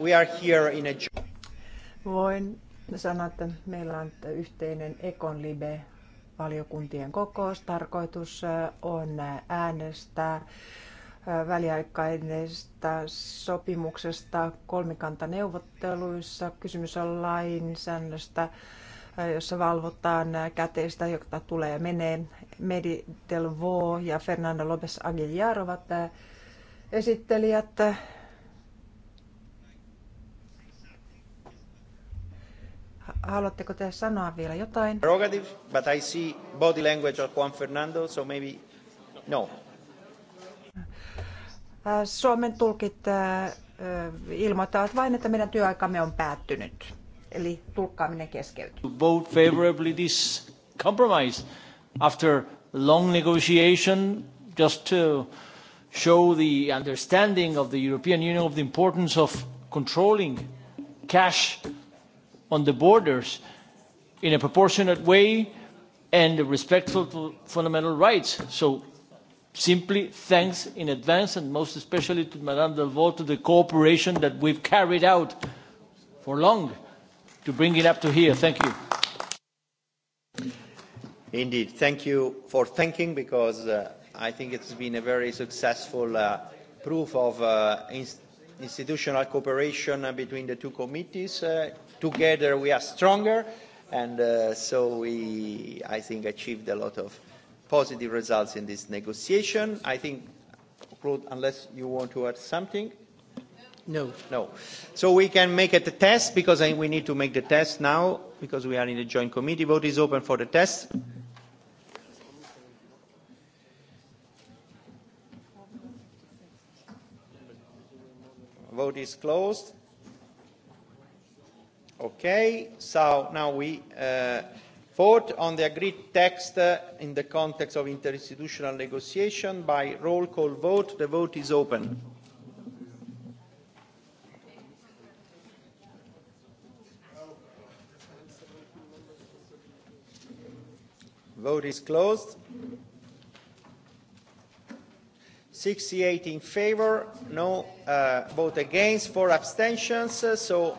We are here in a... Voin sanoa, että meillä on yhteinen Ekonlibe valiokuntien kokous. Tarkoitus on äänestää väliaikaisesta sopimuksesta kolmikantaneuvotteluissa. Kysymys on lainsäännöstä, jossa valvotaan käteistä, joka tulee ja menee. Medi Delvaux ja Fernando Lopes Aguilar ovat esittelijät Haluatteko te sanoa vielä jotain? Prerogative, but I see body language of Juan Fernando, so maybe no. Äh, Suomen tulkit äh, äh, ilmoittavat vain, että meidän työaikamme on päättynyt. Eli tulkkaaminen keskeytyy. Vote favorably this compromise after long negotiation just to show the understanding of the European Union of the importance of controlling cash on the borders in a proportionate way and respectful to fundamental rights. So simply thanks in advance and most especially to Madame Delvaux to the cooperation that we've carried out for long to bring it up to here. Thank you. Indeed, thank you for thanking because uh, I think it's been a very successful uh, proof of uh, in institutional cooperation uh, between the two committees. Uh, together we are stronger. And uh, so we, I think, achieved a lot of positive results in this negotiation. I think, Claude, unless you want to add something? No. No. So we can make it a test because we need to make the test now because we are in a joint committee. Vote is open for the test. Vote is closed Okay, so now we uh, vote on the agreed text uh, in the context of interinstitutional negotiation by roll call vote. The vote is open. Vote is closed. 68 in favor, no uh, vote against, four abstentions. Uh, so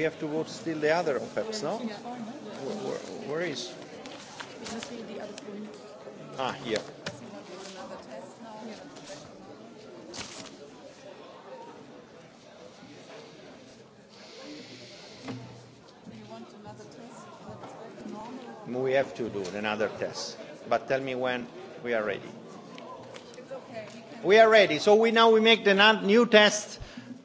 we have to vote still the other OPEPs, no? Where, where is? Ah, here. We have to do another test, but tell me when we are ready. We are ready, so we now we make the new test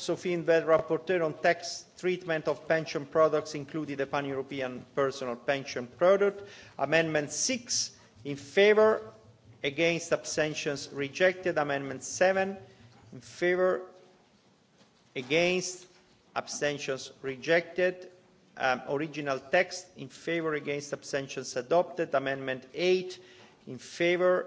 sophia in 't veld rapporteur on tax treatment of pension products including the pan european personal pension product amendment six in favour against abstentions rejected amendment seven in favour against abstentions rejected um, original text in favour against abstentions adopted amendment eight in favour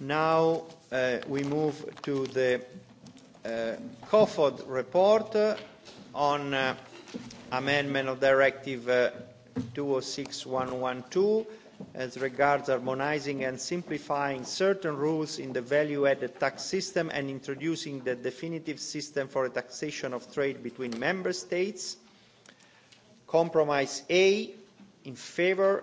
Now uh, we move to the uh, COFOD report uh, on uh, amendment of Directive uh, 206112 as regards harmonizing and simplifying certain rules in the value-added tax system and introducing the definitive system for a taxation of trade between member states. Compromise A in favor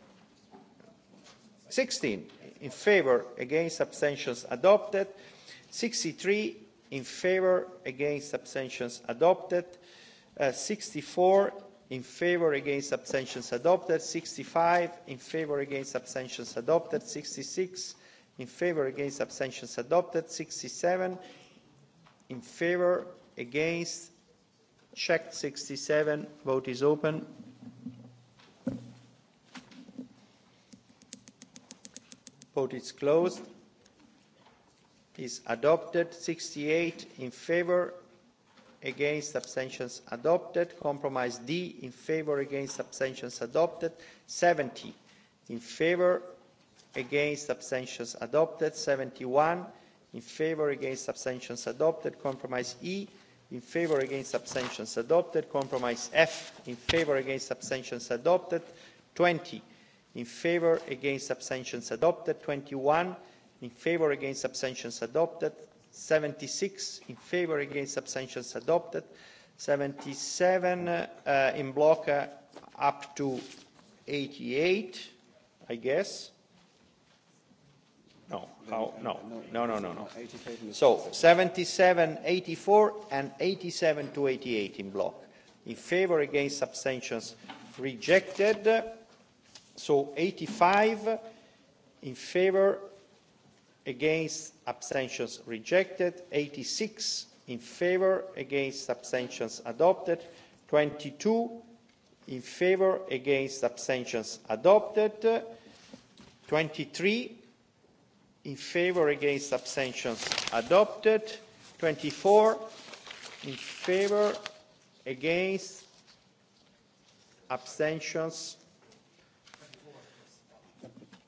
sixteen in favour against abstentions adopted sixty three in favour against abstentions adopted uh, sixty four in favour against abstentions adopted sixty five in favour against abstentions adopted sixty six in favour against abstentions adopted sixty seven in favour against check sixty seven vote is open Vote is closed. Is adopted. 68 in favour, against abstentions adopted. Compromise D in favour, against abstentions adopted. 70 in favour, against abstentions adopted. 71 in favour, against abstentions adopted. Compromise E in favour against abstentions adopted compromise f in favour against abstentions adopted 20 in favour against abstentions adopted twenty one in favour against abstentions adopted seventy six in favour against abstentions adopted seventy seven uh, in block uh, up to eighty eight i guess no how no no no no no so seventy seven eighty four and eighty seven to eighty eight in block in favour against abstentions rejected So 85 in favour, against abstentions rejected, 86 in favour, against abstentions adopted, 22 in favour, against abstentions adopted, 23 in favour, against abstentions adopted, 24 in favour, against abstentions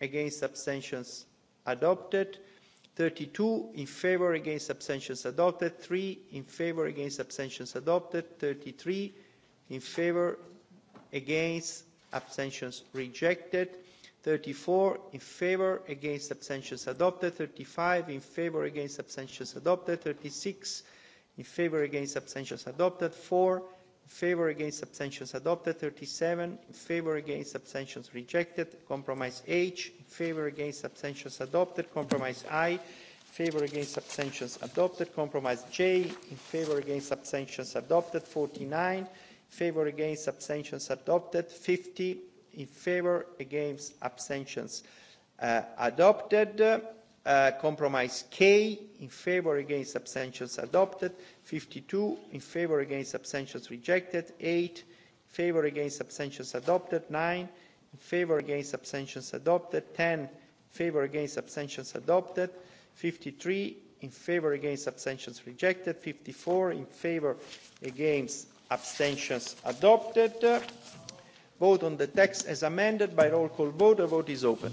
against abstentions adopted 32 in favour against abstentions adopted 3 in favour against abstentions adopted 33 in favour against abstentions rejected 34 in favour against abstentions adopted 35 in favour against abstentions adopted 36 in favour against abstentions adopted 4 favor against abstentions adopted 37 favor against abstentions rejected compromise h favor against abstentions adopted compromise i favor against abstentions adopted compromise j in favor against abstentions adopted 49 in favor against abstentions adopted 50 in favor against abstentions uh, adopted Uh, compromise K in favour against abstentions adopted, 52 in favour against abstentions rejected, 8 in favour against abstentions adopted, 9 in favour against abstentions adopted, 10 in favour against abstentions adopted, 53 in favour against abstentions rejected, 54 in favour against abstentions adopted. Vote on the text as amended by roll call vote. The vote is open.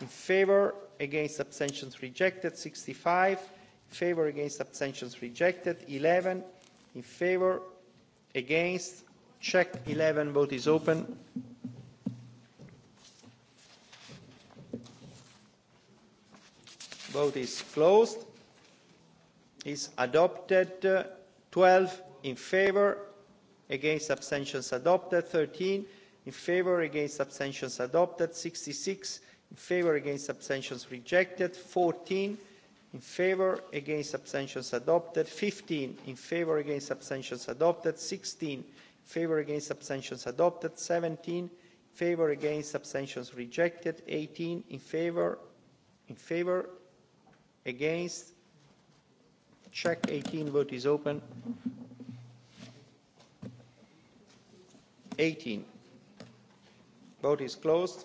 in favour against abstentions rejected 65. in favour against abstentions rejected 11. in favour against check 11. vote is open vote is closed is adopted uh, 12 in favour against abstentions adopted 13 in favour against abstentions adopted 66 in favour against abstentions rejected fourteen in favour against abstentions adopted fifteen in favour against abstentions adopted sixteen in favour against abstentions adopted seventeen in favour against abstentions rejected eighteen in favour in favour against check 18 vote is open 18 vote is closed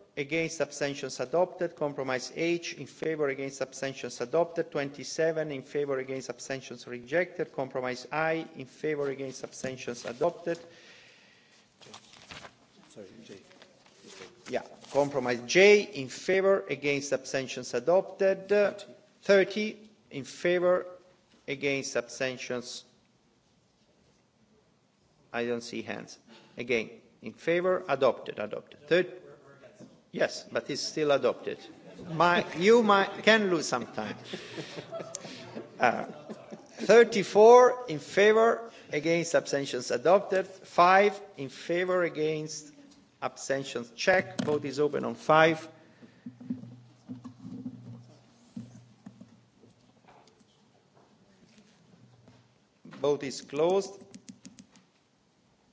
against abstentions adopted compromise h in favour against abstentions adopted 27 in favour against abstentions rejected compromise i in favour against abstentions adopted J. Yeah, compromise j in favour against abstentions adopted 30 in favour against abstentions i don't see hands again in favour adopted adopted Yes, but it's still adopted. My, you might, can lose some time. Uh, 34 in favor, against abstentions adopted. 5 in favor, against abstentions check. Vote is open on 5. Vote is closed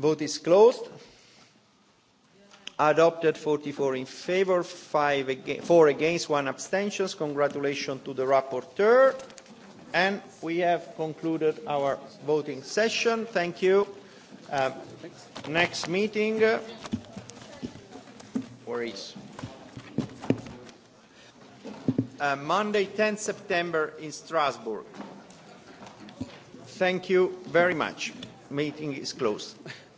Vote is closed. Adopted 44 in favour, five against, 4 against, 1 abstention. Congratulations to the rapporteur. And we have concluded our voting session. Thank you. Uh, next meeting. Uh, where is? Uh, Monday, 10 September in Strasbourg. Thank you very much. Meeting is closed.